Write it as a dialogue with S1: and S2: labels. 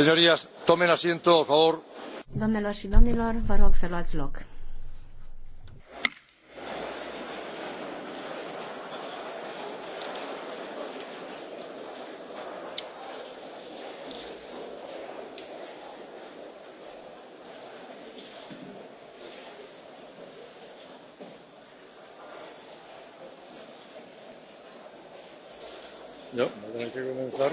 S1: Señorías,
S2: tomen asiento, por favor.
S3: Doamnelor și domnilor, vă rog să luați loc.
S4: comenzar.